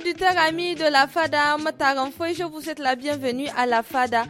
auditeurs amis de la FADA et je vous souhaite la bienvenue à la FADA,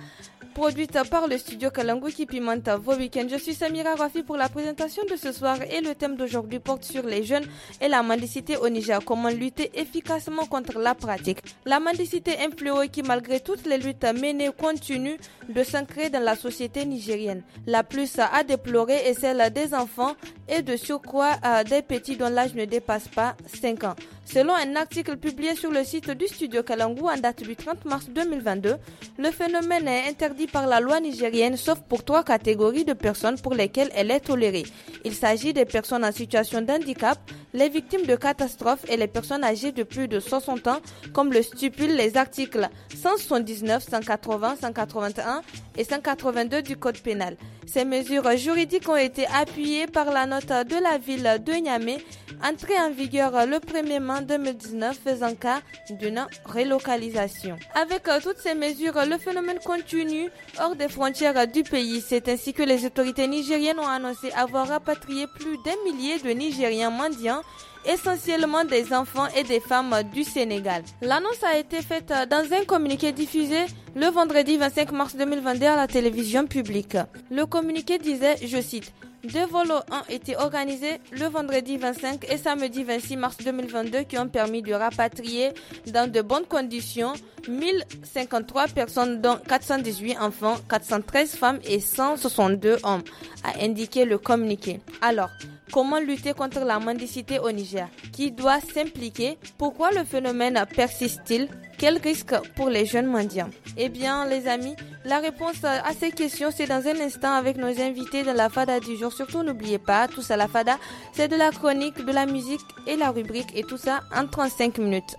produite par le studio Kalangu qui pimente vos week-ends. Je suis Samira Rafi pour la présentation de ce soir et le thème d'aujourd'hui porte sur les jeunes et la mendicité au Niger. Comment lutter efficacement contre la pratique La mendicité est qui, malgré toutes les luttes menées, continue de s'ancrer dans la société nigérienne. La plus à déplorer est celle des enfants et de surcroît euh, des petits dont l'âge ne dépasse pas 5 ans. Selon un article publié sur le site du studio Kalangu en date du 30 mars 2022, le phénomène est interdit par la loi nigérienne sauf pour trois catégories de personnes pour lesquelles elle est tolérée. Il s'agit des personnes en situation d'handicap, les victimes de catastrophes et les personnes âgées de plus de 60 ans, comme le stipulent les articles 179, 180, 181 et 182 du Code pénal. Ces mesures juridiques ont été appuyées par la note de la ville de Niamey, entrée en vigueur le 1er mai 2019, faisant cas d'une relocalisation. Avec euh, toutes ces mesures, le phénomène continue hors des frontières du pays. C'est ainsi que les autorités nigériennes ont annoncé avoir rapatrié plus d'un millier de Nigériens mendiants essentiellement des enfants et des femmes du Sénégal. L'annonce a été faite dans un communiqué diffusé le vendredi 25 mars 2022 à la télévision publique. Le communiqué disait, je cite, deux volos ont été organisés le vendredi 25 et samedi 26 mars 2022 qui ont permis de rapatrier dans de bonnes conditions 1053 personnes dont 418 enfants, 413 femmes et 162 hommes, a indiqué le communiqué. Alors, Comment lutter contre la mendicité au Niger Qui doit s'impliquer Pourquoi le phénomène persiste-t-il Quels risques pour les jeunes mendiants Eh bien, les amis, la réponse à ces questions, c'est dans un instant avec nos invités de la FADA du jour. Surtout, n'oubliez pas, tout ça, la FADA, c'est de la chronique, de la musique et la rubrique, et tout ça en 35 minutes.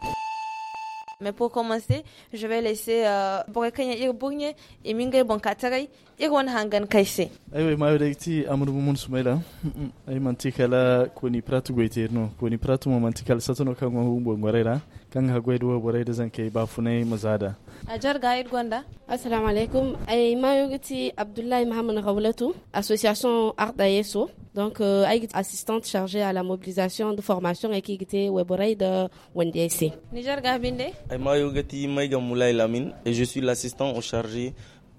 Mais pour commencer, je vais laisser euh, et Mingue Bonkataray irwan hangan kai se aiwa ma da ti amuru mun sumaila ai mantikala koni pratu goite no Kuni pratu mo mantikal satono kan wa humbo ngorera kan ha goido borai da zan kai mazada Ajar gair gwanda. gonda assalamu alaikum ai ma yogiti abdullahi muhammad rawlatu association arda yeso donc euh, assistante chargée à la mobilisation de formation et qui était weborai de Wendiaisi. Niger Gabinde. Mayo Gati Moulay Lamine et je suis l'assistant chargé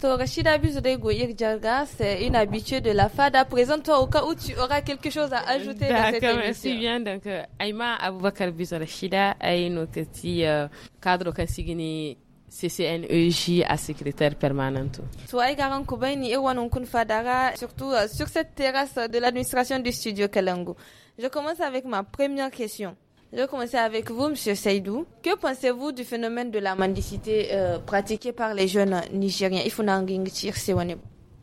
To Rachida Bizodei Goyek c'est une habituée de la FADA. Présente-toi au cas où tu auras quelque chose à ajouter dans cette émission. merci bien. Donc, euh, Aïma Aboubakar Bizo Rachida, Aïno Kati, euh, cadre Kansigini. CCNEJ à secrétaire permanent. Toi, Garan Koubaini et Wanonkun Fadara, surtout euh, sur cette terrasse de l'administration du studio Kalango. Je commence avec ma première question. Je vais commencer avec vous, Monsieur Seydou. Que pensez-vous du phénomène de la mendicité euh, pratiquée par les jeunes Nigériens Il faut n'engager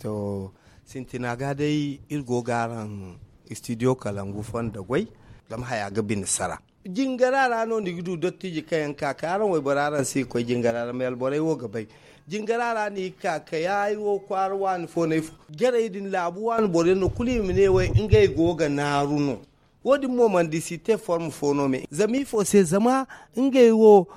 To dai irgo garan studio kalangu fonda gwai haya ga bin sara. Jingarara no ni gudu dotti kayan kakaran wai bararan sai ko jingarara mai alborai wo gabai. ni kaka ya yi wo kwarwa ni fo na gara idin labuwa ni bore no kuli mine wai ingai goga na haruno. wodi momandisite form fonome zami fo se zama yi wo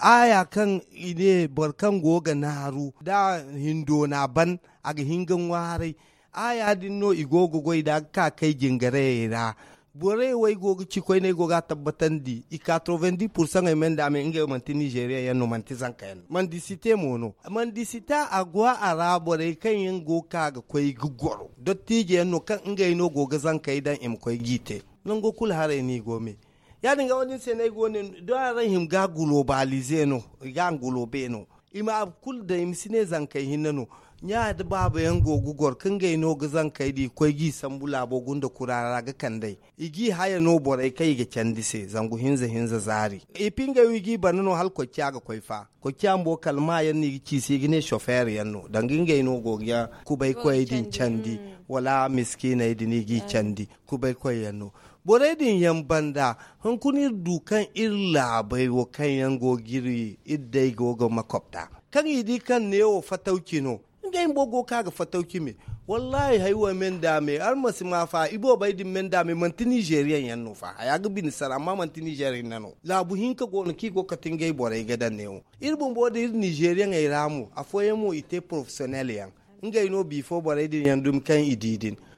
aya kan ine barkan goga na haru da hindo na ban aga hingan warai aya din no igogo goi da ka kai jingare ra bore wai gogo ci koi ne goga tabbatan di i 90% men da men yi manti nigeria yan no manti zankayan man disite mono man disita agwa arabo re kan yin goka ga koi gugoro dottije yan no kan ngai no goga zankai dan im koi gite non kul hare ni gome yadin ga wani sene gone do ran him ga globalize no ga globe no ima kul da im sine zan kai hinno nya da baba yan gogu gor kin ga ino ga zan kai di koi gi sambula bo gunda kurara ga kandai igi haya no borai kai ga candise zangu hinza hinza zari wi e wigi banano hal ko kya ga koi fa ko kya mbo kalma yan ni ci si ne chauffeur yan no danginga no gogya kubai koi din candi mm. wala miskina idini gi candi eh. kubai koi yan no boredin yan banda hankuni dukan illa bai wo kan yan gogiri idai gogo makwabta kan idi kan ne wo fatauki no inga yin bogo ga fatauki me wallahi haiwa men dame ar masu ma fa ibo bai din men dame manti nigerian yan no fa ya ga bin sara amma manti nigerian na no labu hinka go no kigo katin gai borai gadan ne wo irbun bo da nigerian ai ramu afoye mu ite professional yan inga ino before borai din yan dum kan ididin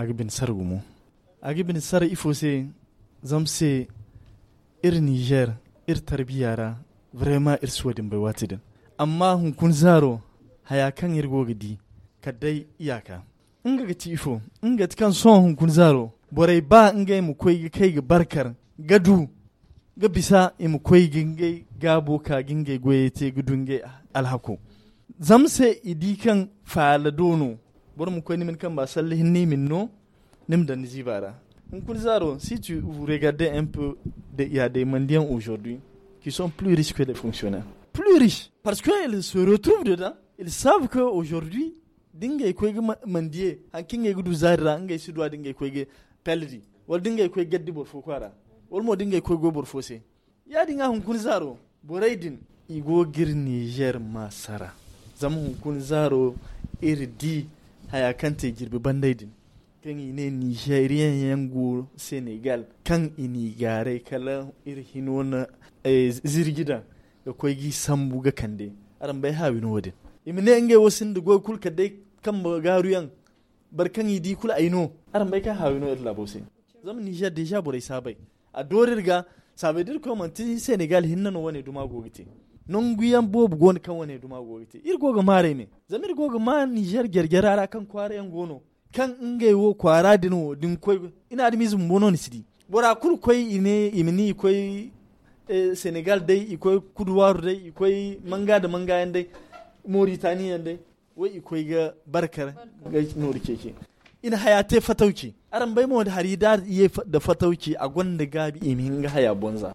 agbin sar gumu agbin sar ifo se zam se ir niger ir tarbiyara vraiment ir suwadin bai din amma hunkun zaro haya kan irgo gidi kadai iyaka in ga ci ifo in ga kan son hunkun zaro borai ba in ga mu koi kai ga barkar gadu ga bisa mu koi ginge gabo ka ginge goye te gudunge alhako zamse idi kan fala bor mu koy nimin kamba sallihin nimin no nim da nizibara Nkunzaro, si tu vous regardez un peu, il y a des mendiants aujourd'hui qui sont plus riches que les fonctionnaires. Plus riches, parce ils se retrouvent dedans. Ils savent que aujourd'hui dinga kwege mandier, hankinga gudu zara, nga isidwa dinga kwege pelri, wal dinga kwege geddi borfo kwara, wal mo dinga kwege borfo se. Ya dinga Nkunzaro, boraidin, igo gir Niger masara. Zamu Nkunzaro irdi haya kan te girbi bandaidin kan ine nigerian yango senegal kan inigare kala irhino na eh, zirgida da kwai gi sambu ga kande aran bai hawi no wadin imine inge wasin da goy kul kadai kan kan yi di kul aino aran bai ka hawi no irla bose zam niger deja burai sabai a ga sabai dir ko manti senegal hinna no wani duma gogite non guyan bob gon kan wani duma gogite irgo ga mare ne zamir goga ma nijar ra kan kwara yan gono kan ingai wo kwara dino din koi ina da mizin bono ni sidi bora kuru koi ine imini koi e, senegal dai ikoi kuduwaru dai ikoi manga da manga yan dai mauritania dai wai ikoi ga barkar ga nuri keke ina haya te fatauki aran bai mu da iya da fatauki a gwanda gabi imin ga haya bonza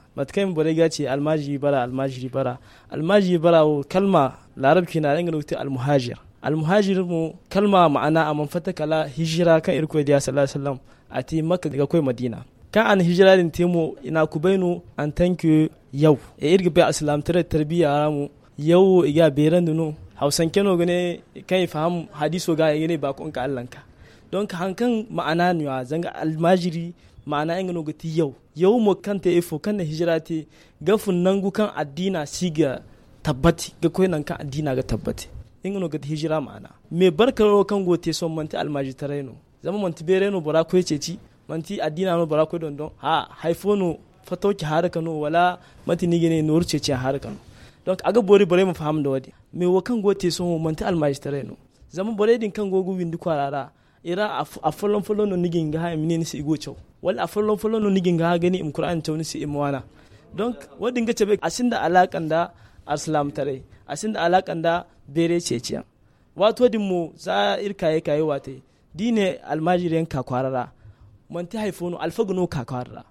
matkan bore gace almajiri bara almajiri bara almajiri bara wo kalma larabci na dangane wuta almuhajir almuhajir mu kalma ma'ana a manfata kala hijira kan irko da sallallahu alaihi wasallam a ti makka daga kai madina kan an hijira din temo ina kubainu an tanke yau e irga bai islam tare tarbiya mu yau iga beran dunu hausan keno gane kan faham hadiso ga gane ba kun ka allanka don ka hankan ma'ana ne zanga almajiri ma'ana in gano gati yau yau kan ta ifo kan na hijira gafin nan gukan addina si ga tabbati ga koyi nan kan addina ga tabbati in gano gati hijira ma'ana me barka ro kan gote son manti almaji raino zama manti no bara koyi ceci manti addina no bara koyi dondon ha ki fatauki no wala manti nigene nur ceci no. don aga bori bore mu fahimta da wadi me wakan kan gote son manti almaji raino zama bore din kan gogu windu kwarara ira a folon folon no nigin ga ha minin si igo chow wala a folon folon no nigin ga gani im qur'an chow ni si imwana donc wadin ga cebe asinda alakan da aslam tare asinda alakan da bere checiya wato din mu za irkaye kaye wate dine almajiren ka kwarara manti no alfagno ka kwarara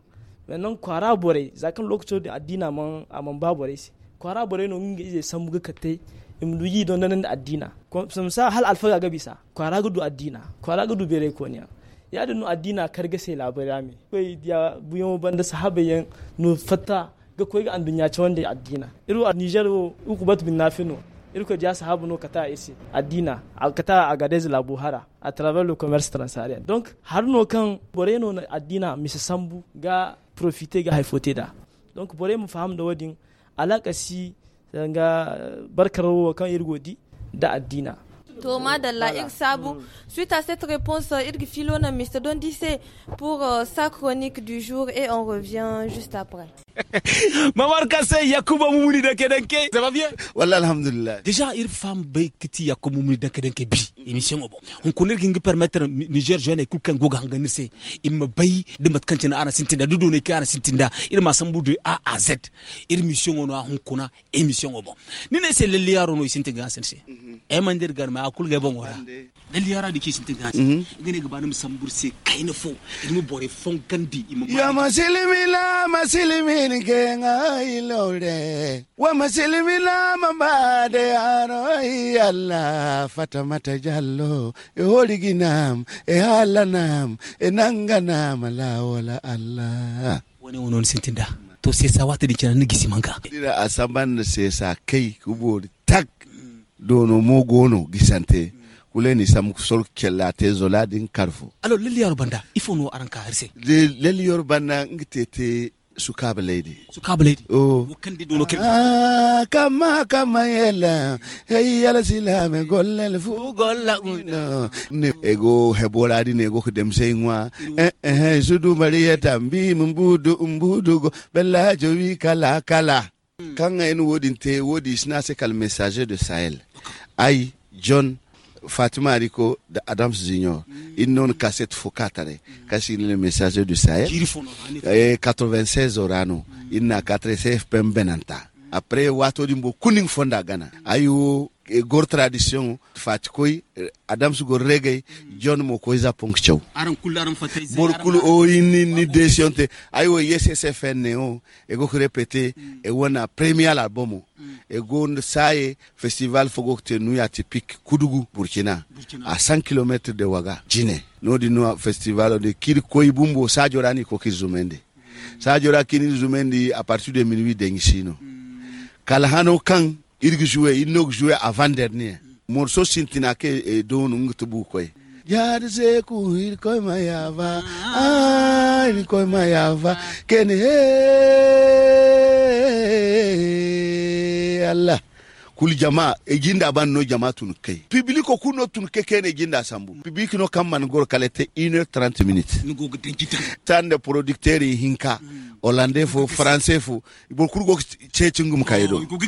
wannan kwara bore zakan lokacin da addina man amman babore si kwara bore no ngi je sambuga kate imdu yido da addina samsa hal alfaga sa. kwara gudu addina kwara gudu bere konya ya dunu addina karga sai labari me kai ya buyo banda sahaba yan nu fata ga koi ga andunya ce wanda addina iru a Niger wo ukubat bin nafino iru ko ja sahabu no kata isi addina al kata a la labuhara a travel le commerce transarien donc har no kan boreno na addina Sambu ga profiter ga haifote da donc bore mu faham da wadin si. sai ga barkar kan irgodi da addina Thomas de la voilà. Suite à cette réponse, Irg Filona Mr. Dondissé pour euh, sa chronique du jour et on revient juste après. Mamar Kassé, Yakuba Moumouni Denke, ça va bien Voilà, alhamdulillah. Déjà, il femme Baykiti Yakuba Moumouni Denke bi, émission bon. On connaît qu'il peut permettre Niger jeune et Koukan Goga Hanganisse, il me baye de à Ana Sintinda, Doudou Neka Ana Sintinda, il m'a semblé de A à Z. Il mission on a, on connaît émission bon. Nine c'est le liarono Sintinga Sensi. Et au Garma, kulga bon wara dan yara di kisin tinga ngene mhm. gaba nam samburse kaina fo mu bore fon kandi imam ya masilmila masilmin kenga ilore wa masilmila mabade aroi alla fatamata jallo e holiginam e halanam e nanganam la wala alla wani wonon sintinda to sai sa wata di kina ni gisimanka dira asaban sai sa kai kubori tak dono Mugono gisante Uleni sam Sol kella te zola din karfo alo leli yor banda ifo no aranka herse le leli ng banda ngitete sukaba lady sukaba lady oh kandi dono kel ah kama kama yela hey yala silame golle fu golla no ne ego hebola di ne go dem seywa eh, eh eh sudu mariyata mbi mbudu mbudu go bella jowi kala kala hmm. kanga en wodinte wodi sna se kal messager de sahel ai john fatima ariko da adams junior mm. i non kasɛti fo kasi le message du sahel eh, 96 orano mm. i na 96 fm benanta mm. après wato dimbo kuning fonda gana mm. o Eh, gor tradition fati koy eh, adam su gor regay jon mo koy za pong chow aran kul aran fatay bor kul o oh, ini ni decision te ay wo yssfn o oh, e go repete mm. e wona premier album mm. e go saye festival fogo te nuya typique kudugu burkina a 100 km de waga jine no di no festival de kir koy bumbo sajo rani ko kizumende mm. sajo rakini zumendi a partir de minuit dengisino kalahano kan irgi joué il avant dernier morceau sintina ke e eh, don ngut koy yar ze ku ir koy mayava ah, ir koy mayava ken he eh, Allah kul jama e jinda ban no jama tun kai public ko kuno tun ke kene jinda sambu public no kam man gor kalete 1h30 minutes nugo gudin kita tan de producteur hinka hollandais fo français fo bo bor kurgo cecingum kayedo oh,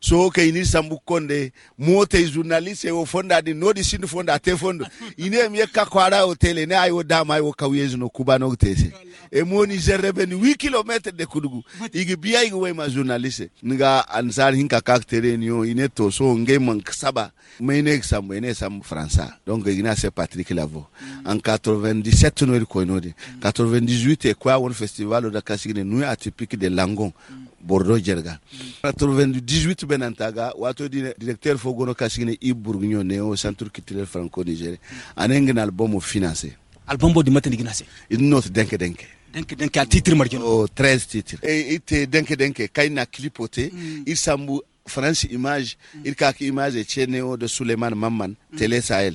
so ke ni sambu konde mote journaliste o fonda di no di sindu fonda te fondo ine mi ka ko ara o ne ayo dama ayo kawyes no kuba no tese e moni jerebe ni 8 km de kudugu igi biya igi we ma journaliste nga ansar hinka kaktere ni ne toso ngema saba mene sambo ene sambo fransa donc guinée c'est patrick lavo mm. en 97 no ri koyno de 98 e kwa won festival da kasigine nu atypique de langon mm. bordeaux jerga 98 mm. benantaga wato dine directeur fogono gono kasigine i bourguignon ne centre culturel franco nigérien anengin album au financé album bo dimatani ginase note denke denke denke denke a titre marjono o 13 titre e ite denke denke kayna clipoté mm. i sambu france image mm. il kaki image cheneo de suleiman mamman mm. tele sahel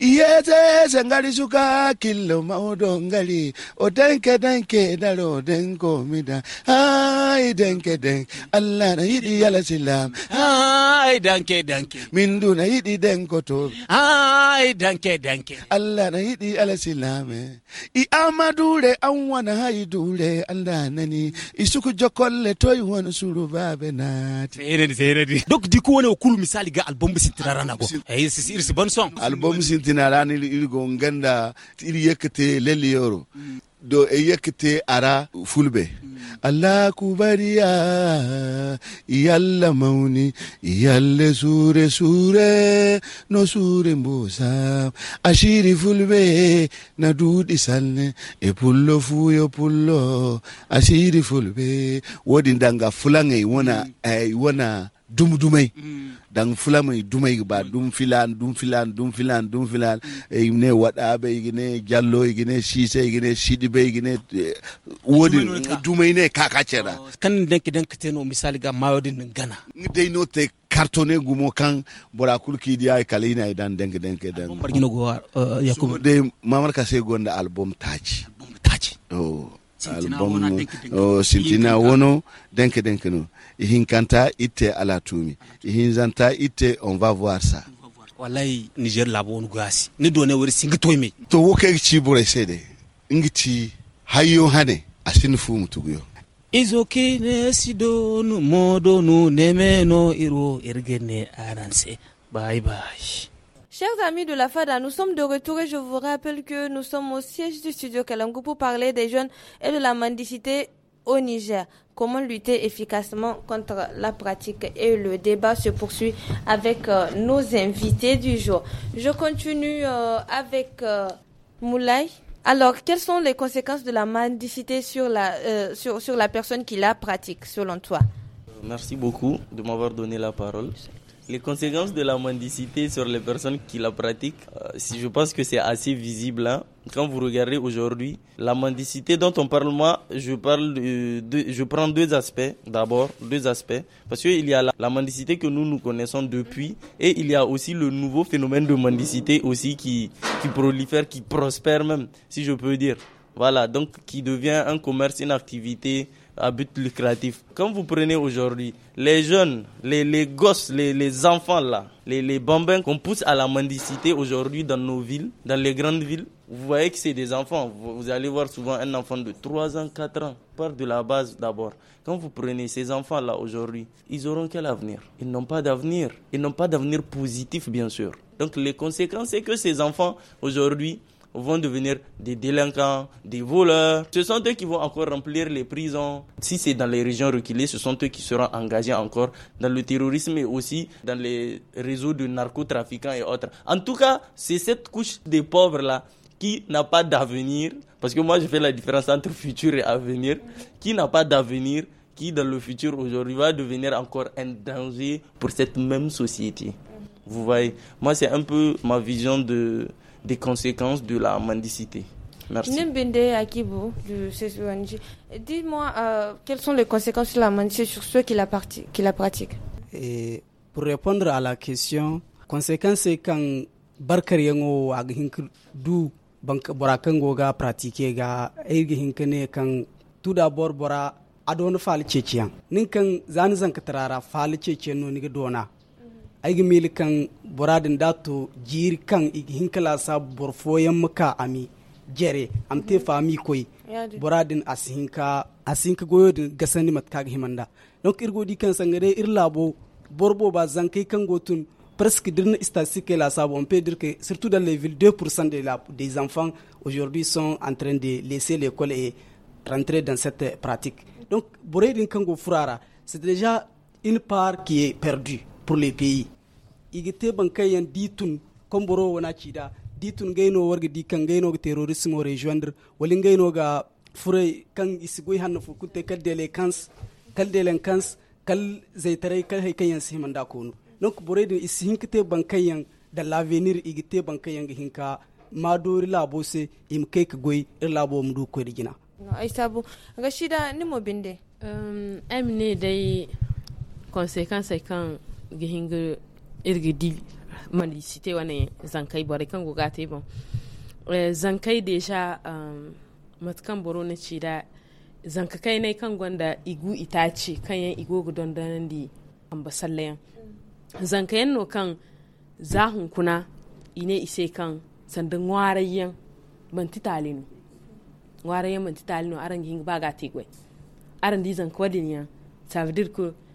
iye mm. te suka killo maudo ngali o denke denke daro denko mida ai denke den allah na hidi yala silam ay danke danke min du na yiɗi to ay danke danke allah na yiɗi alasilame i amadure an wana haydure allah nani i suku jokolle toy won suru surubaɓe naati seenedi seenedi donc di ko woni o kulu misali ga album sintinarana go si irsi bonne song album sintinarani irgo ganda iri yekkete lelliyoro mm. do eyyekite ara fulbe allah kubariya yalla mauni iyalle sure sure no sure mbosa ashiri fulbe na dudi salne e pullo fuyo pullo ashiri fulbe wodi ndanga fulange wona eh, wona dum dumay mm. dan fulamai dumay ba mm. dum filan dum filan dum filan dum filan mm. eh, ne wada be ne jallo ne sise ne sidi be ne eh, wodi dumay ne kaka cera oh, kan den ki den ki no misali ga mayodin gana dai no te kartone gumo kan bora kulki diya kalina idan den ki den ki den bargino go eh, yakubu dai mamar ka sai gonda album taci album taci oh album o oh, sintina wono denke denke no ihin kanta itte ala tumi ihin zanta itte on va voir ça wallahi niger labo on gasi ni do ne wori singi toyme to wo ke ci bore sede ngiti hayo hane asin fu mutugo izoki ne sidonu modonu nemeno iro irgene aranse bye bye Chers amis de la FADA, nous sommes de retour et je vous rappelle que nous sommes au siège du studio Kalangu pour parler des jeunes et de la mendicité au Niger. Comment lutter efficacement contre la pratique et le débat se poursuit avec euh, nos invités du jour. Je continue euh, avec euh, Moulay. Alors, quelles sont les conséquences de la mendicité sur la, sur, sur la personne qui la pratique, selon toi Merci beaucoup de m'avoir donné la parole. Les conséquences de la mendicité sur les personnes qui la pratiquent, euh, si je pense que c'est assez visible. Hein. Quand vous regardez aujourd'hui, la mendicité dont on parle, moi, je, parle de, je prends deux aspects d'abord, deux aspects. Parce qu'il y a la, mendicité que nous, nous connaissons depuis, et il y a aussi le nouveau phénomène de mendicité aussi qui, qui prolifère, qui prospère même, si je peux dire. Voilà, donc qui devient un commerce, une activité à but lucratif. Quand vous prenez aujourd'hui les jeunes, les, les gosses, les, les enfants là, les, les bambins qu'on pousse à la mendicité aujourd'hui dans nos villes, dans les grandes villes, vous voyez que c'est des enfants. Vous allez voir souvent un enfant de 3 ans, 4 ans. Part de la base d'abord. Quand vous prenez ces enfants-là aujourd'hui, ils auront quel avenir Ils n'ont pas d'avenir. Ils n'ont pas d'avenir positif, bien sûr. Donc les conséquences, c'est que ces enfants aujourd'hui, vont devenir des délinquants, des voleurs. Ce sont eux qui vont encore remplir les prisons. Si c'est dans les régions reculées, ce sont eux qui seront engagés encore dans le terrorisme et aussi dans les réseaux de narcotrafiquants et autres. En tout cas, c'est cette couche des pauvres-là qui n'a pas d'avenir, parce que moi je fais la différence entre futur et avenir, qui n'a pas d'avenir, qui dans le futur aujourd'hui va devenir encore un danger pour cette même société. Vous voyez, moi c'est un peu ma vision de, des conséquences de la mendicité. Merci. Nimbinde Akibo de CSUNJ. Dis-moi, euh, quelles sont les conséquences de la mendicité sur ceux qui la, pratiquent Pour répondre à la question, conséquence c'est quand barkar yango a du bank borakan pratique ga tout d'abord bora adon fal ceciyan nin kan zan zan fal aigi mil kan boradin dato jiri kan igi hinkala sa muka ami jere amte fami koi boradin asinka asinka goyo din gasani matka himanda donc irgo di kan sangare irlabo borbo ba zankai kan gotun presque dirne statistique la sabo on peut dire que surtout dans les villes 2% la, des enfants aujourd'hui sont en train de laisser l'école et rentrer dans cette pratique donc boradin kan go c'est déjà une part qui est perdue pour le pays igite bankai yan ditun komboro wana cida ditun gaino warga di kan gaino ga terrorisme o rejoindre wali gaino ga fure kan isigoi hanna fu kutte kal dele kans kal dele kans kal zaitarai kal hay kayan si manda kono donc bore de te bankai yan da l'avenir igite bankai ga hinka madori labo se im kai goy ir labo mu du ko digina ay sabu ga shida ni mo binde um ne dai conséquence kan gihinga di mali site wani zankai bari kan guga te bon eh, zankai da sha um, matkan boro na ci da zankakai kai nai kan gwanda igu itace kan yan igu gudon danan di ambasallayan zanka yan no kan zahun kuna ine ise kan sandan warayyan manti talinu warayyan manti talinu aran gihinga ba ga te gwai aran di zanka wadin yan ça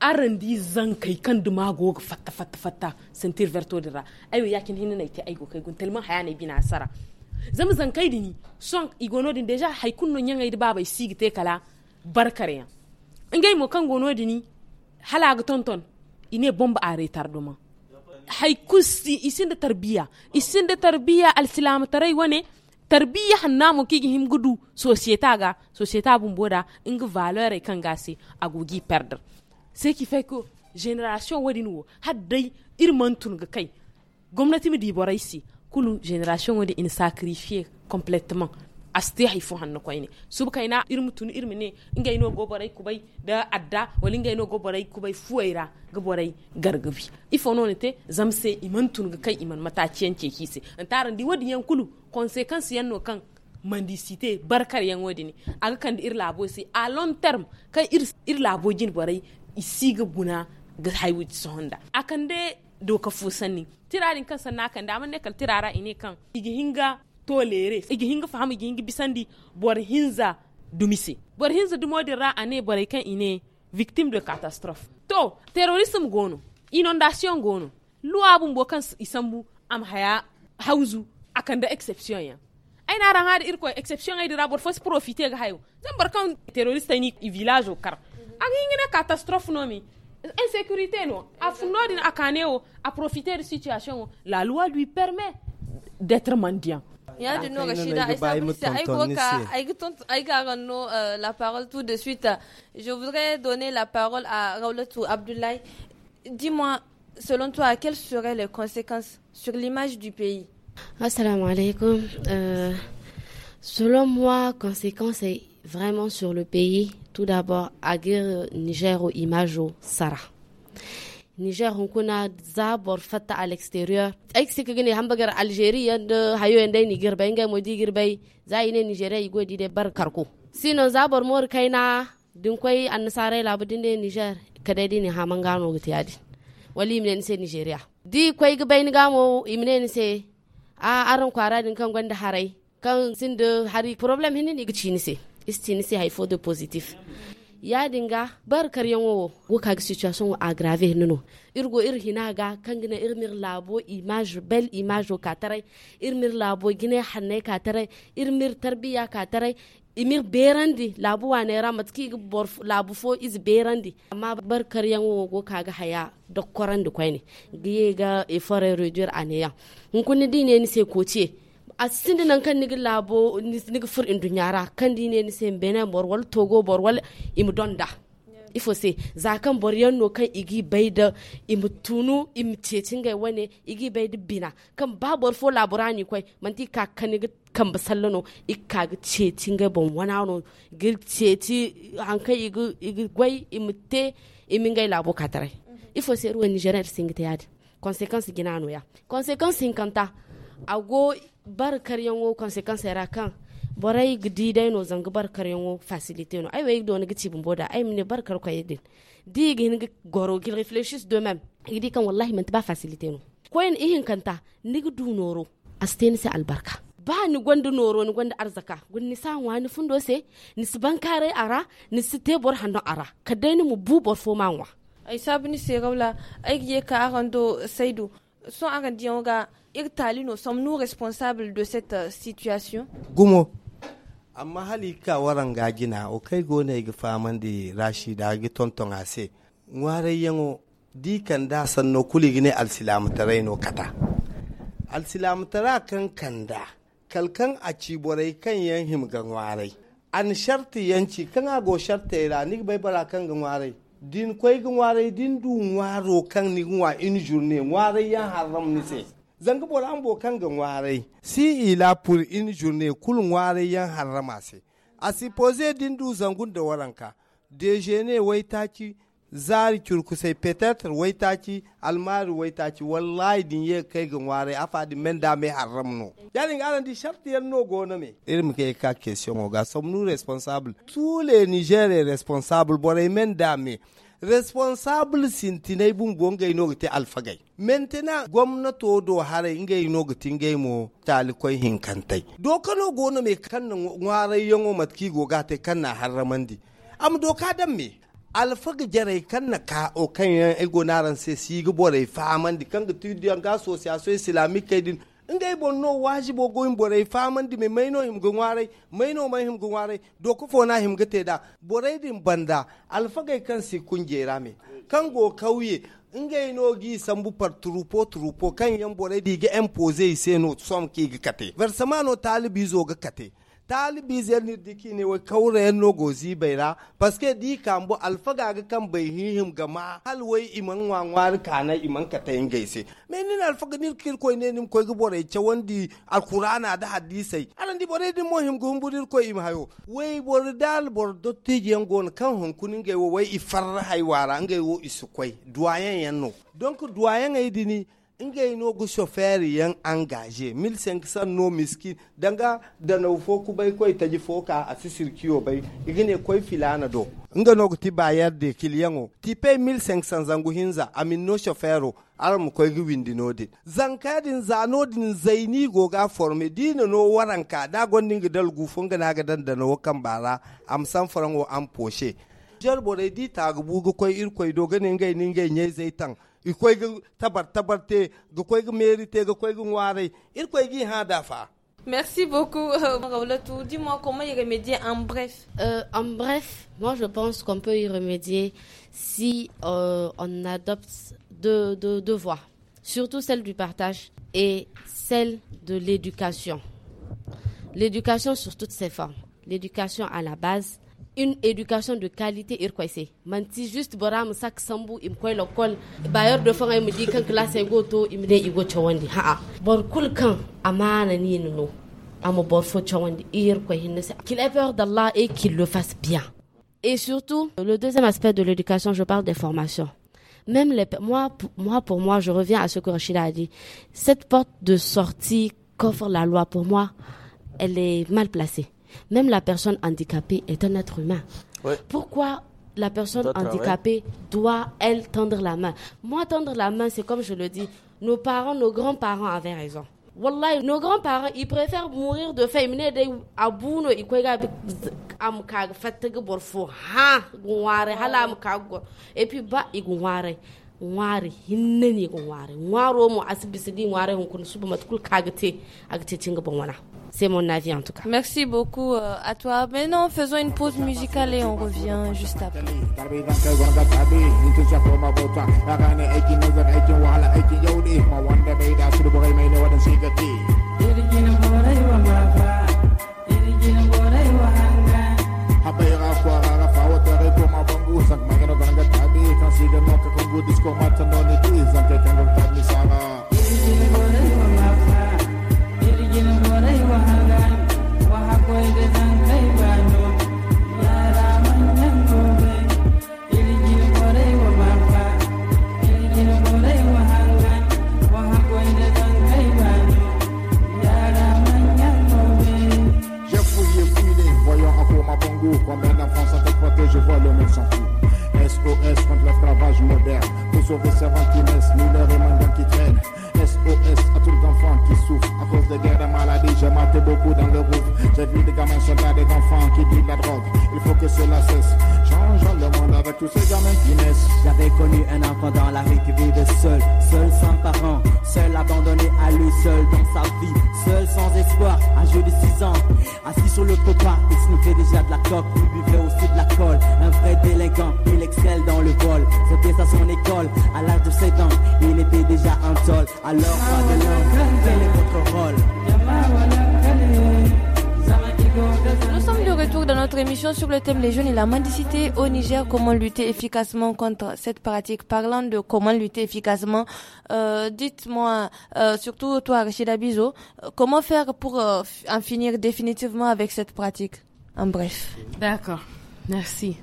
Arendi di kan Fata fatta fatta sentir verto dira ayo yakin hinna ite kai bina sara. zama zan dini son igono deja haikun no nyanga kala barkare ya ngai mo kan hala tonton ine bomba a retardement Haikusi kusi isin de tarbiya isin tarbiya al silam tarai wane tarbiya kigi him gudu societa ga societa bumboda valeur kangasi, agugi agogi perdre ce qui fait que generation wadin wo har dai irman tun ga kai gwamnati mi kulu generation wadin in sacrifier complètement asti haifu hannu kwai ne su buka ina irmu tun irmi inga kubai da adda wali inga ino goborai kubai fuwaira goborai gargabi ifo no te zamse iman ga iman mata ke kise antaran di wadin yan kulu consequence yan no kan mandicité barkar yan wadi ni aga kan ir labo a long terme kay ir, ir labo jin isiga guna ga highway sonda akan de doka tirarin kan da tirara ine kan igi hinga tolere igi hinga igi bisandi bor hinza dumise bor hinza dumodi ra ane bor ine victime de catastrophe to terrorism gono inondation gono lu bun isambu amhaya hauzu akan exception ya Aina na irko exception ay dira bor fos profiter ga hayo zambar kan terroriste ni village kar il catastrophe nomi insécurité catastrophe. a insécurité. a profiter de situation la loi lui permet d'être mendiant la parole tout de suite je voudrais donner la parole à Raoulatou Abdoulaye dis-moi selon toi quelles seraient les conséquences sur l'image du pays Assalamu alaikum euh, selon moi conséquences est vraiment sur le pays tout d'abord agir Niger au Imago Sarah. Niger hunkuna zabor Fata à l'extérieur. Aik que les hamburgers Algérie hein, de hayo yandai Niger Benga modi Niger bay zaine Nigeria Igwe di de bar karko. Sino zabor mor kaina dun koy annasare labu Niger kadai ni hamanga no yadi. Wali imnen se Nigeria. Di koy gibay nigamo Imneni se a aran kwara din kan gwanda harai kan sin da hari problem hinin ni ci ni se. istini si haifo da positif ya dinga bar karyan wo wuka ga situation a grave nuno irgo ir hinaga kangina irmir labo image bel image ka tarai irmir labo gine hanne ka irmir tarbiya ka imir berandi labu wane ramat ki bor labu fo iz berandi amma bar karyan wo go kaga haya dokkoran da kwai ne giye ga e fare reduire aneya kun ni dine ni sai koce a sindi nan kan nigi labo nigi fur indu nyara kan di ne ni sen benin bor wal togo bor wal im donda ifo se za kan bor yanno kan igi bai da im tunu im cecin gai wane igi bai bina kan ba bor fo laburani kwai manti ka kan nigi kan basalla no ikka ga cecin gai bon wana no gir ceci an kai igi igi gwai im te imin gai labo katare mm-hmm. ifo se ruwan nigeria singita yadi gina ginano ya consequence 50 ago bar karyanwo consequence ra kan borai gidi dai no zanga bar karyanwo facilité no ai wai don gici tibun boda ai mine bar kar ko yedin di hin goro gil réfléchis de même gidi kan wallahi man ba facilité no ko en ihin kanta ni du noro asteni se albarka ba ni gwanda noro ni gwanda arzaka gun ni sa wa ni fundo se ni si bankare ara ni si tebor hando ara ka ni mu bubor fo manwa ai sabu ni se gaula ai ye ka aran saidu son aran dionga talino sommes-nous responsables de cette euh, situation gumo a mahalika ka waran gagina gone ga faman rashi da tonton ase yango di kan da sanno kuli gine alsilam taraino kata silam tara kan kanda kalkan a kan yan him ga an sharti yanci kan ago sharti ra bai kan din koy ga warai din dun waro kan ni wa in jurne warai ya haram ni se zanga bor an bo kan ga warai si ila pour in jurne kul warai ya harama se a supposé din du zangun da waranka déjeuner wai taki zari curkusai petetar waitaci almari waitaci wallahi din ye kai gan ware afa di men da mai haramno no yani ngaran di sharti yan no gona me irin muke ka question o ga som nous responsable tous les nigériens responsables bore men da me responsable sintinai bun go ngai no gay. alfagai mentena gwamnato do hare ngai no gite ngai mo talikoi hinkantai dokano gona me kan ware yango matki go gate kanna haramandi am doka dan me alfaga jarai kan na ka o kan yan ego naran se sigi borai faman di kan tu di an ga association islamic kaidin din ngay bon no wajibo goyin im borai faman di me maino him gunware maino mai him gunware do ku fona him gate da borai din banda alfaga kan si kunjera me kan go kauye ngay no gi sambu par trupo trupo kan yan borai di ga impose se no som ki ga kate versamano talibi zo ga kate talibi zai ni diki ne wai kaurayen nogozi bai ra paske di kambo alfaga ga kan bai hihim gama hal wai iman wanwar kana iman ka ta gaise me ni alfaga ni kir koy ne nim koy gubore ce wandi alqur'ana da hadisai aran di bore di mohim burir koy im hayo wai bor dal bor dotti jen gon kan hon kunin ga wai ifar haywara ngai wo isukoi duayen duwayen yanno donc duayen ai dini inga no gu chauffeur yan engagé 1500 no miskin danga da na fo ku bai koi taji foka a sisir kiyo bai igine koi filana do inga no gu ti bayar de kiliyango ti pay 1500 zangu hinza amin no chauffeur aram koi gi windi no din zankadin zano din zaini go ga forme dina no waranka da gondin ga dal ga na ga dan da no kan bara am san farango am poshe Merci beaucoup, euh, Dis-moi comment y remédier en bref. Euh, en bref, moi je pense qu'on peut y remédier si euh, on adopte deux, deux, deux voies, surtout celle du partage et celle de l'éducation. L'éducation sur toutes ses formes. L'éducation à la base, une éducation de qualité irkoise manti juste boram sak sambu im koy lokol bayar do fanga me di kan classe go to im de igo chawandi ha bor kul kan amana ni no amo bor fo chawandi irkoise hinne qu'il ait peur d'Allah et qu'il le fasse bien et surtout le deuxième aspect de l'éducation je parle des formations même les moi moi pour moi je reviens à ce que Rachida a dit cette porte de sortie qu'offre la loi pour moi elle est mal placée même la personne handicapée est un être humain. Pourquoi la personne handicapée doit, elle, tendre la main Moi, tendre la main, c'est comme je le dis, nos parents, nos grands-parents avaient raison. Wallahi, nos grands-parents, ils préfèrent mourir de faim. Ils des abouno, ils am ka fatigi bor et puis ils i gunware ngware hinne ni gunware ngwaro mo asibisi ngware hun kun subu matkul kagate agate cinga c'est mon avis en tout cas. Merci beaucoup euh, à toi. Maintenant, faisons une pause musicale et on revient juste après. Niger, comment lutter efficacement contre cette pratique Parlant de comment lutter efficacement, euh, dites-moi, euh, surtout toi, Rachida Bizo, euh, comment faire pour en finir définitivement avec cette pratique En bref. D'accord, merci.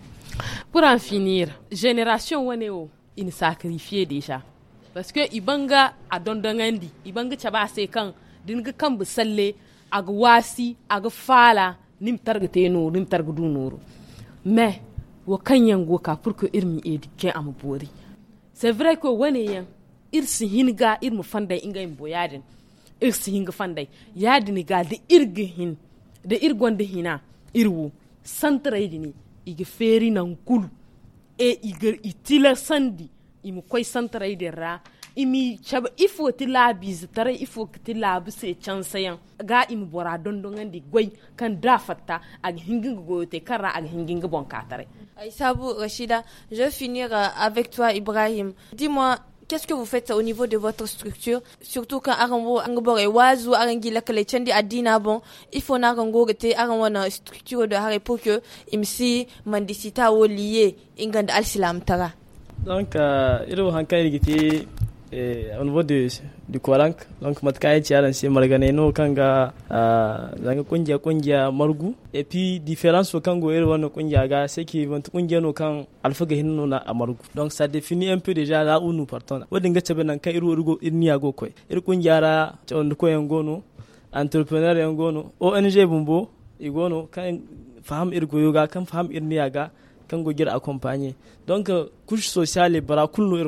Pour en finir, génération Weneo, ils sacrifié déjà. Parce que Ibanga a dondangandi, Ibanga chaba sekan, dinga kambu salle, agwasi, agfala, nim targete nuru, nim targudu nuru. Mais wa kan yango ka pour que irmi eduke am bori c'est vrai que wani yan irsi hinga irin fanda inga imbo yadin irsi hinga fandai yadini ga da irgi hin da irgon da hina irwo santra idini igi feri nan kulu e igar itila sandi imu koi santra idin ra imi chab ifo ti labi tare ifo ti labi se chansayan ga imi bora don don ngandi goy kan da ag hingin goyote kara ag hingin bonkatare. katare ay sabu Rachida je vais finir euh, avec toi Ibrahim dis-moi Qu'est-ce que vous faites au niveau de votre structure Surtout quand Arango, Angobor et Wazu, Arangi, la Kalechendi, Adina, bon, il faut Narango, Gete, Aranwana, structure de Harry pour que Imsi, Mandisita, Oliye, Ingand, Al-Silam, Tara. Donc, euh, il y a un cas eh, au niveau de du kwalank donc Matkaye ya tiara c'est Malganeno no kanga ah, zanga Kunja Kunja margu et puis différence au kango er wono kungiya c'est qui vont kungiya no kan alpha na amargu donc ça définit un peu déjà là où nous partons wadin ga tabe nan kai ruwo rugo irniago quoi. ra ton ko yango no entrepreneur yango no ONG bumbo igono Kang Farm irgo yoga kan faham irni ya accompagner donc couche sociale bara kullu ir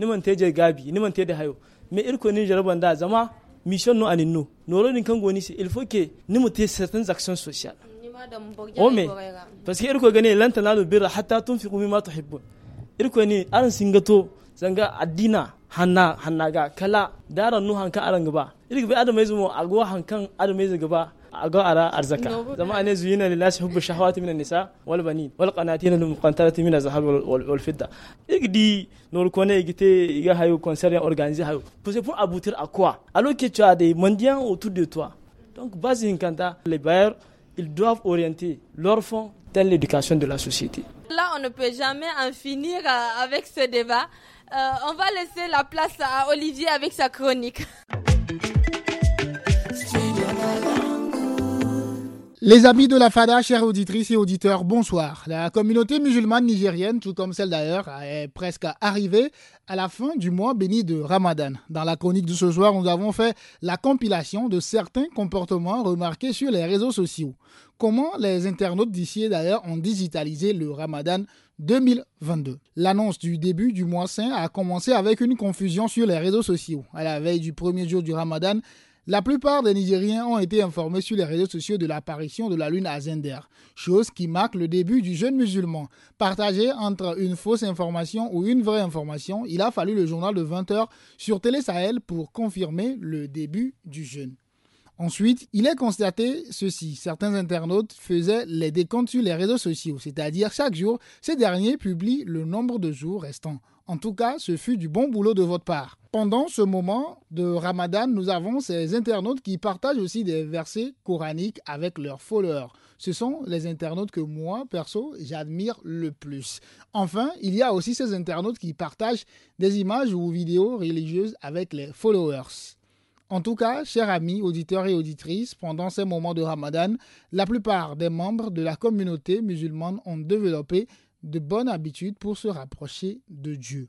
niman teje gabi niman da hayo me irko ni jaraban da zama mission no anin no noro nin kan goni se il faut que nimu te certaines actions O ome parce que irko gane lan tanalu birra hatta tunfiqu mimma tuhibbun irko ni aran singato zanga addina hanna hanna ga kala daran nu hanka aran gaba irko be adamai zumo agwa hankan adamai gaba pour aboutir à quoi alors que tu as des autour de toi donc les ils doivent orienter leur fonds dans l'éducation de la société là on ne peut jamais en finir euh, avec ce débat euh, on va laisser la place à Olivier avec sa chronique Les amis de la FADA, chères auditrices et auditeurs, bonsoir. La communauté musulmane nigérienne, tout comme celle d'ailleurs, est presque arrivée à la fin du mois béni de Ramadan. Dans la chronique de ce soir, nous avons fait la compilation de certains comportements remarqués sur les réseaux sociaux. Comment les internautes d'ici et d'ailleurs ont digitalisé le Ramadan 2022. L'annonce du début du mois saint a commencé avec une confusion sur les réseaux sociaux. À la veille du premier jour du Ramadan, la plupart des Nigériens ont été informés sur les réseaux sociaux de l'apparition de la lune à Zender, chose qui marque le début du jeûne musulman. Partagé entre une fausse information ou une vraie information, il a fallu le journal de 20 h sur Télé Sahel pour confirmer le début du jeûne. Ensuite, il est constaté ceci. Certains internautes faisaient les décomptes sur les réseaux sociaux, c'est-à-dire chaque jour, ces derniers publient le nombre de jours restants. En tout cas, ce fut du bon boulot de votre part. Pendant ce moment de Ramadan, nous avons ces internautes qui partagent aussi des versets coraniques avec leurs followers. Ce sont les internautes que moi, perso, j'admire le plus. Enfin, il y a aussi ces internautes qui partagent des images ou vidéos religieuses avec les followers. En tout cas, chers amis, auditeurs et auditrices, pendant ces moments de Ramadan, la plupart des membres de la communauté musulmane ont développé de bonnes habitudes pour se rapprocher de Dieu.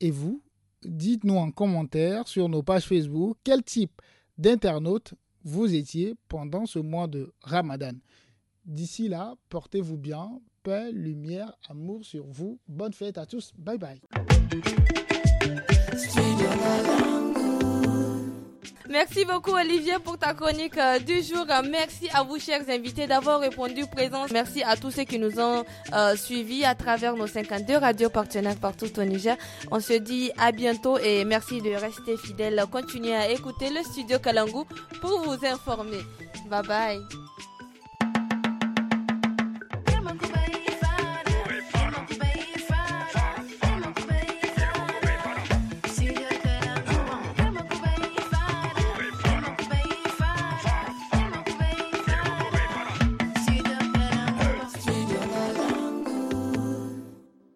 Et vous, dites-nous en commentaire sur nos pages Facebook quel type d'internaute vous étiez pendant ce mois de Ramadan. D'ici là, portez-vous bien. Paix, lumière, amour sur vous. Bonne fête à tous. Bye bye. Merci beaucoup Olivier pour ta chronique euh, du jour. Merci à vous chers invités d'avoir répondu présent. Merci à tous ceux qui nous ont euh, suivis à travers nos 52 radios partenaires partout au Niger. On se dit à bientôt et merci de rester fidèles. Continuez à écouter le studio Kalangu pour vous informer. Bye bye.